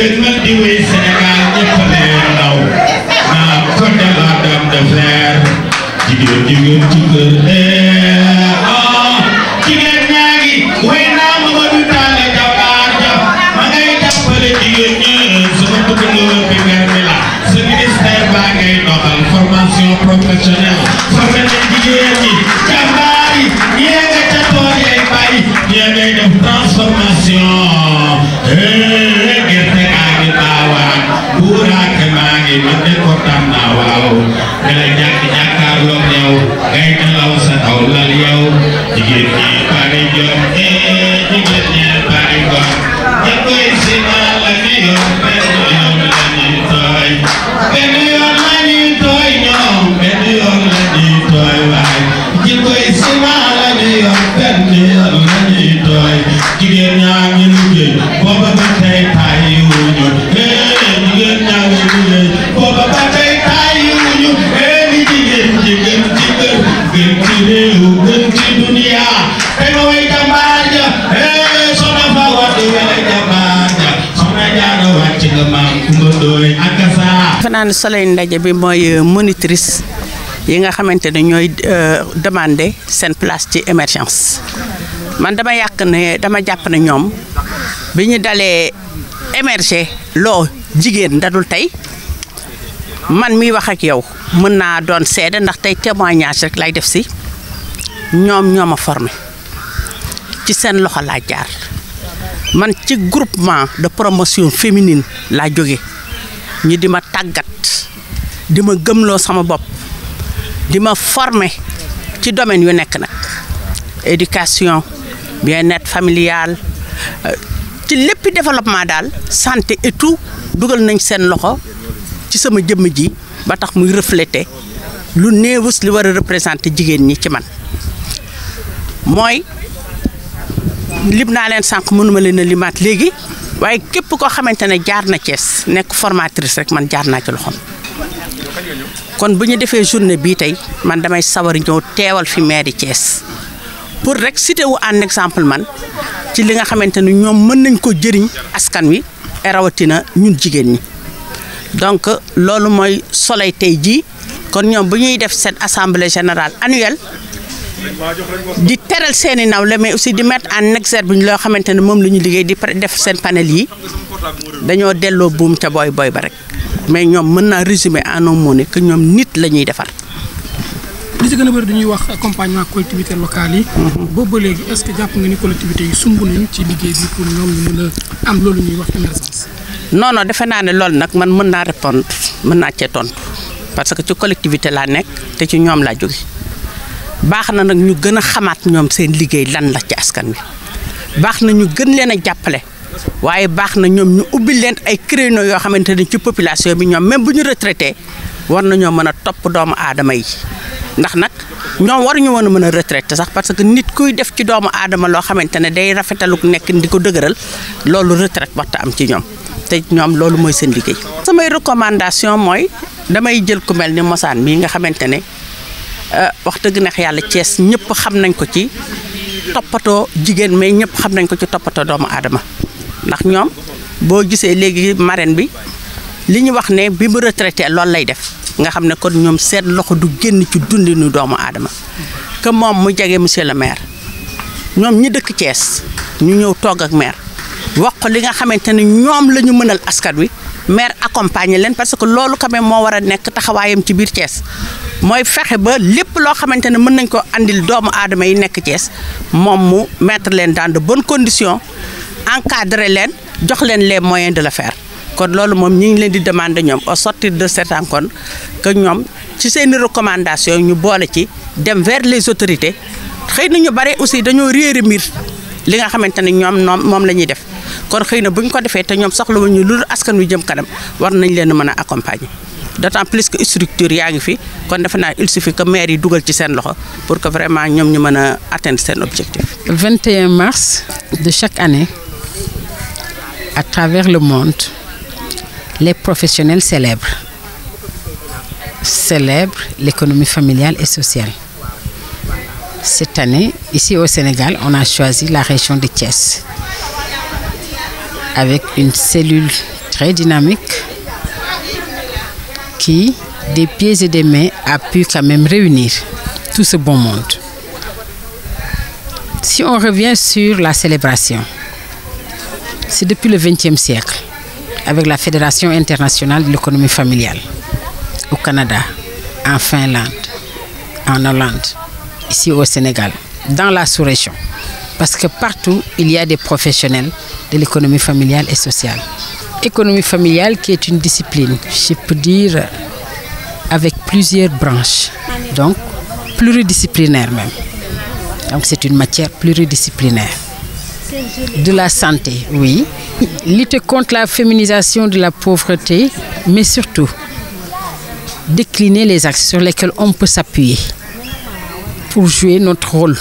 dëgg la di wéy Sénégal ñëpp ne ndaw naa ko de la dame de fer jigéen jigéen ci kër ee oo ah, jigéen ñaa ngi wéy naa Mamadou Talla jabaar ja ma ngay jàppale jigéen ñi sama bëgg loolu bi weer bi la sa ministère baa ngay doxal formation professionnelle formé na jigéen ñi jàmbaar yi ñee nga ca tool yay bàyyi ñee ngay def transformation eh, eh, yi man de kontaan naa waaw dana jàkk jàkkaarloog yow ngay nelaw sa taw lal yow jigéen ñi bari jom eh, eh, jigéen ñi bari gom ña koy si naa la fi yoon li lu ndaje bi mooy euh, monitrice yi nga xamante ne ñooy euh, demandé seen place ci émergence man dama yàq ne dama jàpp na ñoom bi ñu dalee émerger loo jigéen dadul tey. man miy wax ak yow mën naa doon seede ndax tey témoignage rek lay def si ñoom ñoo ma formé ci seen loxo laa jaar man ci groupement de promotion féminine laa jóge ñi di ma tàggat di ma gëmloo sama bopp di ma formé ci domaine yu nekk nag éducation bien-être familial euh, ci léppi développement daal santé et tout dugal nañ seen loxo ci sama jëmm ji ba tax muy refléter lu néewus li war a représenter jigéen ñi ci man mooy lib naa leen sànq mënuma leen a limaat léegi waaye képp koo xamante ne jaar na cees nekk formatrice rek man jaar naa ci loxoom kon bu ñu defee journée bii tey man damay sawar ñëw teewal fi mairie cees pour rek cité wu en exemple man ci li nga xamante ne ñoom mën nañ ko jëriñ askan wi rawatina ñun jigéen ñi donc loolu mooy soleil tey jii kon ñoom bu ñuy def seen assemble générale annuelle di teral seeni nawle mais aussi di mettre en ñu loo xamante ne moom lañuy ñu liggéey di def seen panel yi dañoo delloo buum ca booy booy ba rek mais ñoom mën naa résumer en un mot ne ñoom nit la ñuy defar. li ci gën wax accompagnement collectivités locales yi. Mhm. boobu ba que jàpp nga ni collectivités yi am loolu ñuy defe naa ne loolu nag man mën naa répondre mën naa cee tontu parce que ci collectivité laa nekk te ci ñoom laa jóge baax na nag ñu gën a xamaat ñoom seen liggéey lan la ci askan bi baax na ñu gën leen a jàppale waaye baax na ñoom ñu ubbil leen ay créneaux yoo xamante ne ci population bi ñoom même bu ñu retraité war na nañoo mën a topp doomu aadama yi ndax nag ñoom waruñu woon a mën a retraité sax parce que nit kuy def ci doomu aadama loo xamante ne day rafetaluk nekk ndi ko dëgëral loolu retraite waxta am ci ñoom te ñoom loolu mooy seen liggéey. samay recommandation mooy damay jël ku mosaan mii nga xamante ne. Euh, wax deug neex yalla ties ñepp xam nañ ko ci topato jigen mais ñepp xam nañ ko ci topato doomu adama ndax ñom bo gisé légui marraine bi li wax ne bi mu retraité lool lay def nga xam ne kon ñom sét loxo du génn ci dundinu doomu adama ke mom mu jégué monsieur le maire ñom ñi dëkk ties ñu ñëw togg ak maire wax ko li nga xamanteni ne lañu mënal askan wi maire accompagner len parce que lolu quand même ci bir Thiès moy fexe ba lépp loo xamante ne mën nañ ko andil doomu adama yi nekk Thiès mom mu mettre len dans de bonnes conditions encadrer len jox len les moyens de le faire kon loolu moom ñu ngi leen di demander ñoom au sortir de cette rencontre que ñoom ci seen recommandations ñu boole ci dem vers les autorités xëy na ñu bare aussi dañoo réere mir li nga xamante ne ñoom noom moom la ñuy def kon xëy na bu ñu ko defee te ñoom soxlawuñu lu askan wi jëm kanam war nañ leen a mën a accompagner d'autant plus que structure yaa fi kon il suffit que maire yi dugal ci seen loxo pour que vraiment ñoom ñu mën a atteindre 21 mars de chaque année à travers le monde les professionnels célèbres célèbrent l'économie familiale et sociale cette année ici au Sénégal on a choisi la région de Thiès avec une cellule très dynamique qui, des pieds et des mains, a pu quand même réunir tout ce bon monde. Si on revient sur la célébration, c'est depuis le XXe siècle, avec la Fédération internationale de l'économie familiale, au Canada, en Finlande, en Hollande, ici au Sénégal, dans la sous-région. Parce que partout, il y a des professionnels de l'économie familiale et sociale économie familiale qui est une discipline, je peux dire, avec plusieurs branches, donc pluridisciplinaire même. Donc c'est une matière pluridisciplinaire. De la santé, oui. Lutter contre la féminisation de la pauvreté, mais surtout décliner les axes sur lesquels on peut s'appuyer pour jouer notre rôle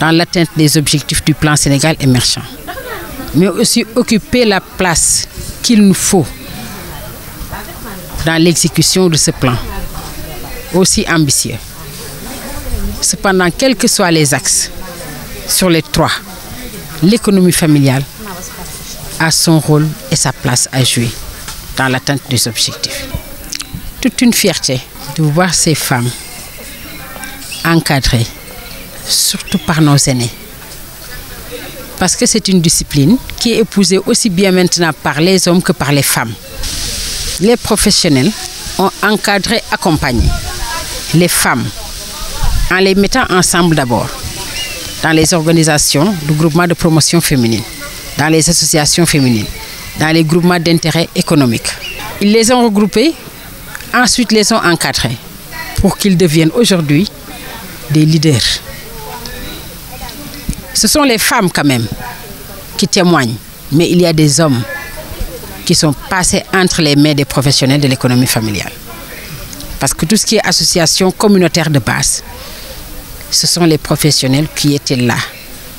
dans l'atteinte des objectifs du plan Sénégal émergent mais aussi occuper la place qu'il nous faut dans l'exécution de ce plan aussi ambitieux. Cependant, quels que soient les axes, sur les trois, l'économie familiale a son rôle et sa place à jouer dans l'atteinte des objectifs. Toute une fierté de voir ces femmes encadrées, surtout par nos aînés, parce que c'est une discipline qui est épousée aussi bien maintenant par les hommes que par les femmes. Les professionnels ont encadré, accompagné les femmes en les mettant ensemble d'abord dans les organisations du groupement de promotion féminine, dans les associations féminines, dans les groupements d'intérêt économique. Ils les ont regroupés, ensuite les ont encadrés pour qu'ils deviennent aujourd'hui des leaders ce sont les femmes quand même qui témoignent, mais il y a des hommes qui sont passés entre les mains des professionnels de l'économie familiale. Parce que tout ce qui est association communautaire de base, ce sont les professionnels qui étaient là,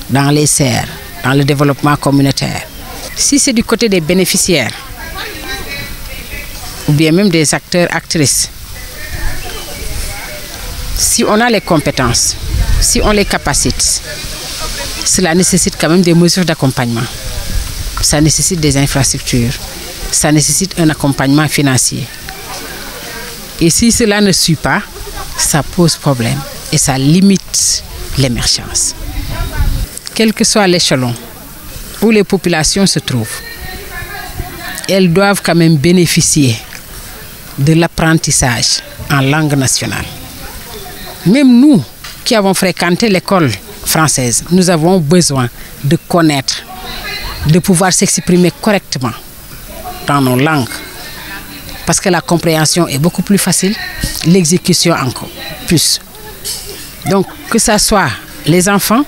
dans les serres, dans le développement communautaire. Si c'est du côté des bénéficiaires, ou bien même des acteurs, actrices, si on a les compétences, si on les capacite, cela nécessite quand même des mesures d'accompagnement. Ça nécessite des infrastructures. Ça nécessite un accompagnement financier. Et si cela ne suit pas, ça pose problème et ça limite l'émergence. Quel que soit l'échelon où les populations se trouvent, elles doivent quand même bénéficier de l'apprentissage en langue nationale. Même nous qui avons fréquenté l'école française. Nous avons besoin de connaître, de pouvoir s'exprimer correctement dans nos langues. Parce que la compréhension est beaucoup plus facile, l'exécution encore plus. Donc que ce soit les enfants,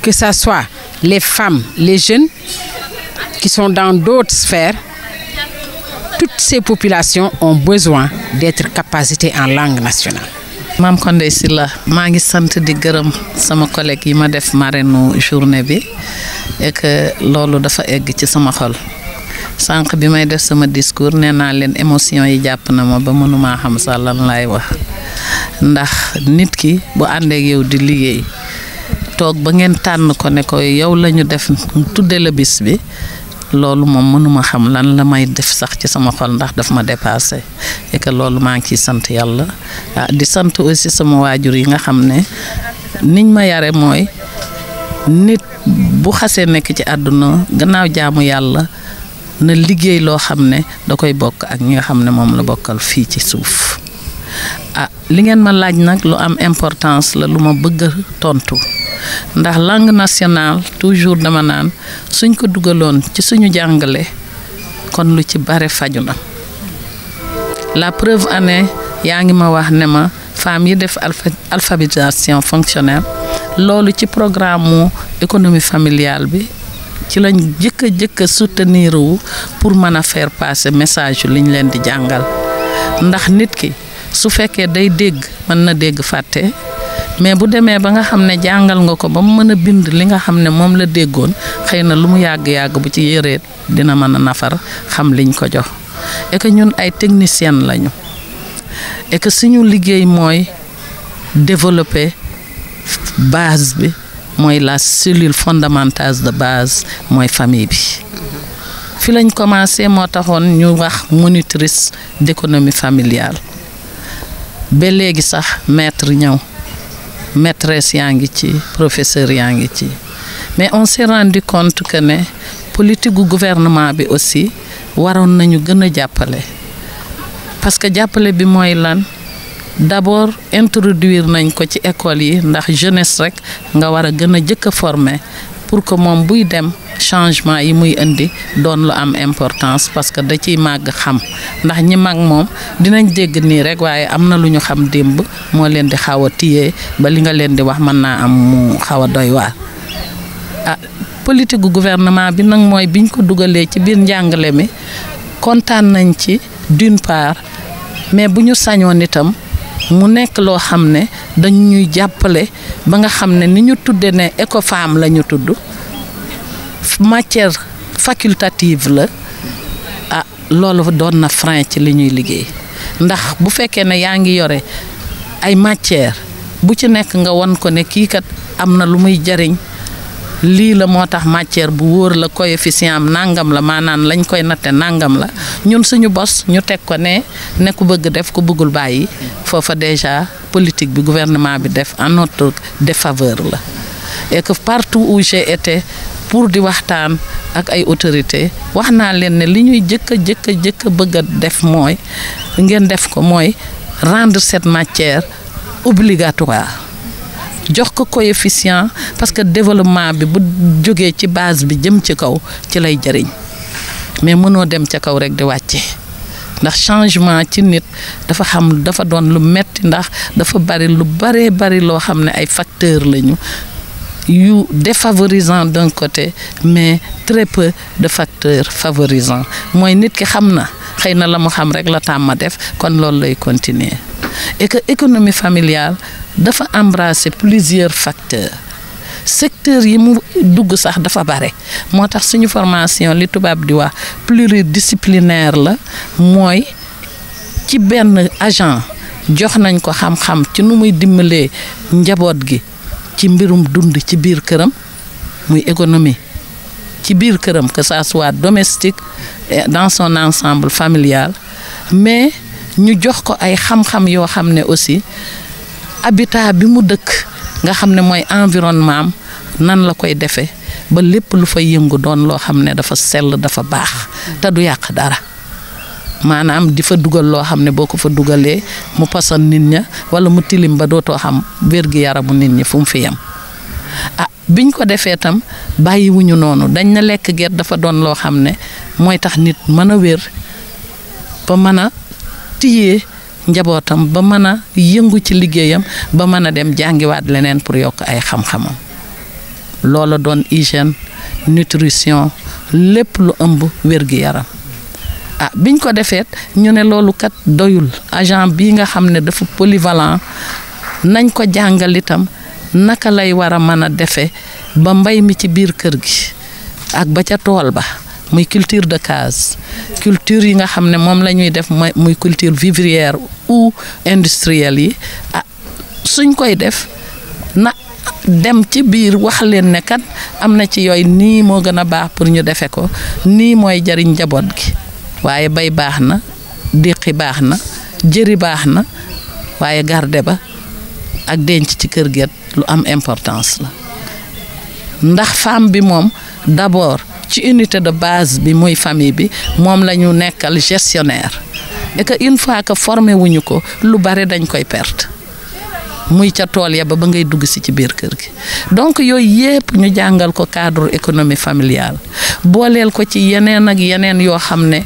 que ce soit les femmes, les jeunes qui sont dans d'autres sphères, toutes ces populations ont besoin d'être capacitées en langue nationale. maam Kondé Sylla maa ngi sant di gërëm sama collègue yi ma def marraine journée bi et loolu dafa egg ci sama xol sànq bi may def sama discours nee naa leen émotion yi jàpp na ma ba mënumaa xam sax lan laay wax ndax nit ki bu àndeek yow di liggéey toog ba ngeen tànn ko ne ko yow lañu ñu def tudde la bis bi loolu moom mënuma xam lan la may def sax ci sama xol ndax daf ma dépassé et loolu maa ngi ciy sant yàlla ah, di sant aussi sama waajur yi nga xam ne niñ ma yare mooy nit bu xasee nekk ci àdduna gannaaw jaamu yàlla na liggéey loo xam ne da koy bokk ak ñi nga xam ne moom la bokkal fii ci suuf ah li ngeen ma laaj nag lu am importance la lu ma bëgg tontu. ndax langue nationale toujours dama naan suñ ko dugaloon ci suñu jàngale kon lu ci bare faju na la preuve année yaa ngi ma wax ne ma femmes yi def alphabétisation fonctionnelle loolu ci programme mu économie familiale bi ci lañ jëkk a jëkk a soutenir wu pour mën a faire passer message yu leen di jàngal ndax nit ki su fekkee day dégg mën na dégg fàtte mais bu demee ba nga xam ne jàngal nga ko ba mu mën a bind li nga xam ne moom la déggoon xëy na lu mu yàgg-yàgg bu ci yëree dina mën a nafar xam liñ ko jox et que ñun ay technicien lañu et que suñu liggéey mooy développer base bi mooy la cellule fondamentale de base mooy famille bi fi lañ commencé moo taxoon ñu wax monitrice d'économie familiale ba léegi sax maître ñëw maîtresse yaa ngi ci professeur yaa ngi ci mais on s'est rendu compte que ne politique gu gouvernement bi aussi waroon nañu gën a jàppale parce que jàppale bi mooy lan d'abord introduire nañ ko ci école yi ndax jeunesse rek nga war a gën a jëkk a former pour que moom buy dem changement yi muy indi doon lu am importance parce que da ciy màgg xam ndax ñi mag moom dinañ dégg nii rek waaye am na lu ñu xam démb moo leen di xaw a tiyee ba li nga leen di wax mën naa am mu xaw a doy waar a ah, politique gu gouvernement bi nag mooy biñ ko dugalee ci biir njàngale mi kontaan nañ ci d'une part mais bu ñu sañoon itam mu nekk loo xam ne dañ ñuy jàppale ba nga xam ne ni ñu tudde ne Ecofam la ñu tudd matière facultative la ah loolu doon na frein ci li ñuy liggéey ndax bu fekkee ne yaa ngi yore ay matière bu ci nekk nga won ko ne kii kat am na lu muy jariñ lii la moo tax matière bu wóor la coefficient am nangam la maanaan lañ koy natte nangam la ñun suñu bos ñu teg ko ne ne ku bëgg def ku bëggul bàyyi foofa déjà politique bi gouvernement bi def en notre défaveur la et que pour di waxtaan ak ay autorité wax naa leen ne li ñuy jëkk a jëkk a bëgg a def mooy ngeen def ko mooy rendre cette matière obligatoire jox ko coefficient parce que développement bi bu jógee ci base bi jëm ci kaw ci lay jëriñ mais mënoo dem ci kaw rek di wàcce ndax changement ci nit dafa xam dafa don lu metti ndax dafa bari lu baree bari lo xamné ay facteurs lañu yu défavorisant d'un côté mais très peu de facteurs favorisants moy nit ki xamna xeyna xëy la mu xam rek la tamma def kon lool lay continuer et que économie familiale dafa embrasser plusieurs facteurs secteur yi dugg sax bare formation pluridisciplinaire la mooy ci agent jox nañ ko xam-xam ci nu muy économie que ça soit domestique eh, dans son ensemble familial mais nous jox ko ay aussi abita bi mu dëkk nga xam ne mooy environnement am nan la koy defee ba lépp lu fa yëngu doon loo xam ne dafa sell dafa baax te du yàq dara maanaam di fa dugal loo xam ne boo ko fa dugalee mu pasan nit ña wala mu tilim ba dootoo xam wér-gi-yaramu nit ñi fu mu fi yem ah biñ ko defee tam bàyyiwuñu noonu dañ na lekk gerte dafa doon loo xam ne mooy tax nit mën a wér ba mën a tiyee njabootam ba mën a yëngu ci liggéeyam ba mën a dem jàngiwaat leneen pour yokk ay xam-xamam loola doon hygiène nutrition lépp lu ëmb wér-gi-yaram ah biñ ko defeet ñu ne loolu kat doyul agent bi nga xam ne dafa polyvalent nañ ko jàngal itam naka lay war a mën a defe ba mbay mi ci biir kër gi ak ba ca tool ba muy culture de case culture yi nga xam ne moom la ñuy def muy culture vivrière ou industrielle yi ah suñ koy def na dem ci biir wax leen ne kat am na ci yooyu nii moo gën a baax pour ñu defe ko nii mooy jariñ njaboot gi waaye bay baax na déqi baax na jëri baax na waaye garde ba ak denc ci kër gi lu am importance la ndax femme bi moom d'abord ci unité de base bi muy famille bi moom la ñu nekkal gestionnaire et que une fois que formé wuñu ko lu bare dañ koy perte muy ca tool ya ba ba ngay dugg si ci biir kër gi donc yooyu yépp ñu jàngal ko cadre économie familiale booleel ko ci yeneen ak yeneen yoo xam ne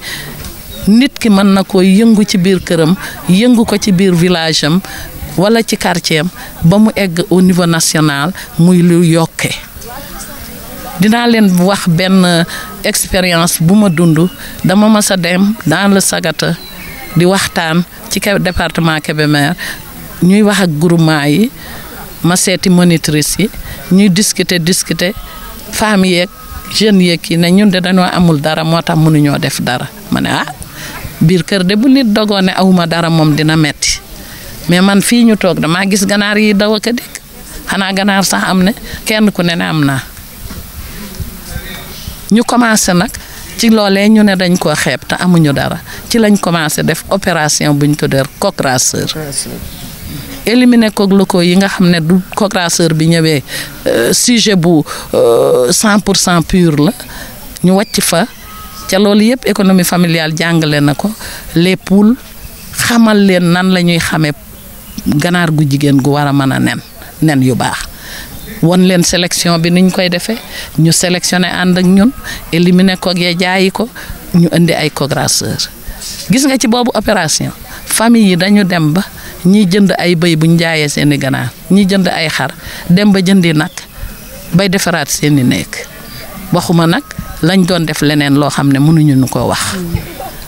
nit ki mën na ko yëngu ci biir këram yëngu ko ci biir village am wala ci quartier ba mu egg au niveau national muy lu yokke dinaa leen wax benn expérience bu ma dund dama mas a dem dans la Sagata di waxtaan ci département Kébémer ñuy wax ak groupement yi ma seeti monitrice yi ñuy discuter discuter femmes yeeg jeunes yeeg yi ne ñun de dañoo amul dara moo tax mënuñoo def dara ma ne ah biir kër de bu nit dogoo ne awuma dara moom dina metti mais man fii ñu toog damaa gis ganaar yi dawa ak dikk xanaa ganaar sax am ne kenn ku ne ne am naa. ñu commencé nak ci lolé ñu né dañ ko xeeb ta amuñu dara ci lañ commencé def opération buñ tuddee cocrasseur éliminé ko gloko yi nga xamné du cocrasseur bi ñëwé euh, sujet bu 100% euh, pur la ñu wacc fa ca lolé yépp économie familiale jàngale nako les poules xamal leen nan lañuy xamé ganar gu jigen gu wara mëna nen nen yu baax won leen sélection bi niñ koy defee ñu sélectionné ànd ak ñun éliminer ko ya jaayi ko ñu indi ay gis nga ci boobu opération famille yi dañu dem ba ñi jënd ay bëy buñ jaayee seeni ganaar ñi jënd ay xar dem ba jëndi nag bay defaraat seeni nek. waxuma nag lañ doon def leneen loo xam ne mënuñu ko wax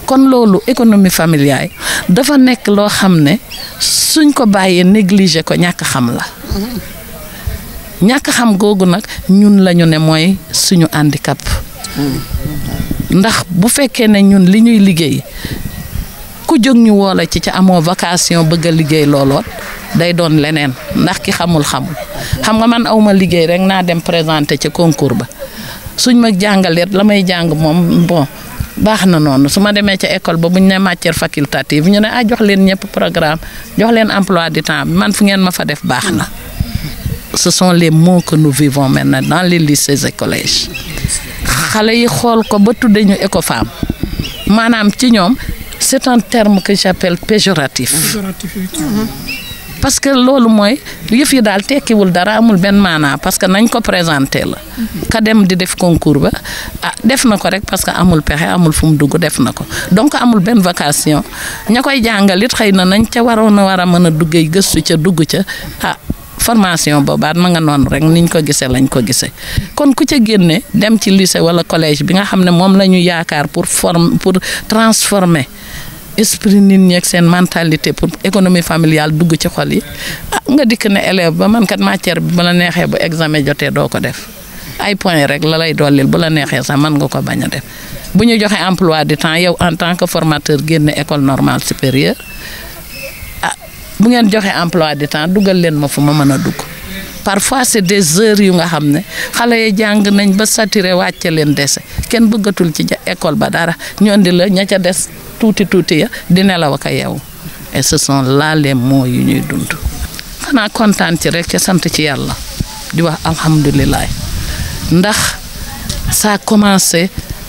kon loolu économie familiale dafa nek lo xam ne suñ ko bàyyee négliger ko xam la ñàkk xam googu nag ñun lañu ne mooy suñu handicap ndax bu fekkee ne ñun li ñuy liggéey ku jóg ñu woola ci ci amoo vacation bëgg a liggéey looloot day doon leneen ndax ki xamul xamul xam nga man awma liggéey rek naa dem présenter ca concours ba suñ ma jàngalee la may jàng moom bon baax na noonu su ma demee ca école ba bu ñu ne matière facultative ñu ne ah jox leen ñëpp programme jox leen emploi de temps bi man fu ngeen ma fa def baax na ce sont les mots que nous vivons maintenant dans les lycées et collèges xale yi ko ba tudde ñu écofemme ci ñom c'est un terme que j'appelle péjoratif parce que lolu moy yëf yi daal wul dara amul ben maanaa parce que nañ ko présenter la ka dem di def concours ba ah, def na rek parce que amul pexe amul fum dugg def na ko donc amul ben vocation Ñakoy jangal jàngalit xëy na nañ ca waroon a war a mën ca dugg ca ah formation boba ma nga non rek niñ ko gisee lañ ko gisee kon ku ca génne dem ci lycée wala collège bi nga xam mom lañu yaakar pour form pour transformer esprit nit ñi ak seen mentalité pour économie familiale dugg ci xol yi ah, nga dik na élève ba man kat matière bi bala nexé bu examen joté do ko def ay point rek la lay dolil bala nexé neexee sax man nga ko baña def buñu joxe emploi du temps yow en tant que formateur génne école normale supérieure bu ngeen joxe emploi de temps dugal leen ma fu ma mën a dugg parfois c'est des heures yu nga xam ne xale yi jàng nañ ba satire wàcce leen dese kenn bëggatul ci école ba dara ñu di la ña ca des tuuti tuuti ya di nelaw ak a yeewu et ce sont là les mots yu ñuy dund xanaa kontaan ci rek ca sant ci yàlla di wax alhamdulilah ndax ça a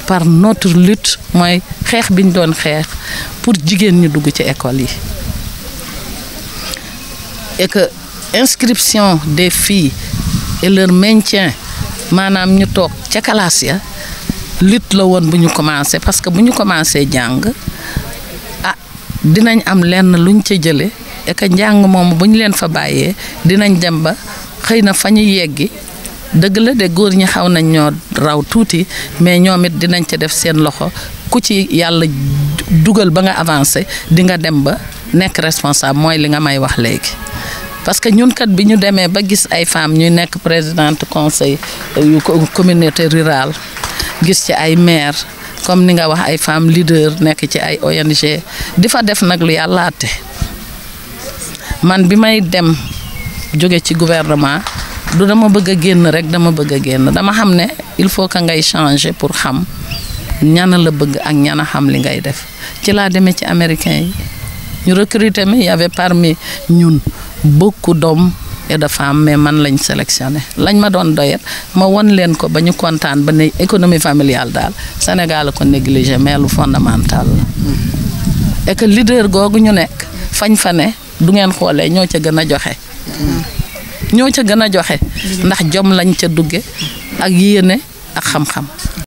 par notre lutte mooy xeex bi ñu doon xeex pour jigéen ñu dugg ci école yi. et que inscription des filles et leur maintien maanaam ñu toog ca kalaas ya lutte la woon bu ñu commencé parce que bu ñu commencé jàng a ah, dinañ am lenn luñ ca jële et que njàng moomu bu ñu leen fa bàyyee dinañ dem ba xëy na fa ñu yeggi dëgg la de góor ñi xaw nañ ñoo raw tuuti mais ñoom it dinañ ca def seen loxo ku ci yàlla dugal ba nga avancé di nga dem ba nekk responsable mooy li nga may wax léegi parce que ñun kat bi ñu demee ba gis ay femmes ñuy nekk présidente conseil yu communauté rurale gis ci ay maire comme ni nga wax ay femmes leader nekk ci ay ONG di fa def nag lu yàllaate man bi may dem jóge ci gouvernement du dama bëgg a génn rek dama bëgg a génn dama xam ne il faut que ngay changé pour xam ñana la bëgg ak ñana xam li ngay def ci laa demee ci américain yi ñu recruter mi y avait parmi ñun beaucoup d'hommes et de femmes mais man lañ sélectionné lañ ma doon doyet ma won leen ko ba ñu kontaan ba ne économie familiale daal Sénégal a ko négligé mais lu fondamental la mm-hmm. et que googu ñu nekk fañ fane du ngeen xoolee ñoo ca gën a joxe mm-hmm. ñoo ca gën a joxe ndax jom lañ ca dugge ak yéene ak xam-xam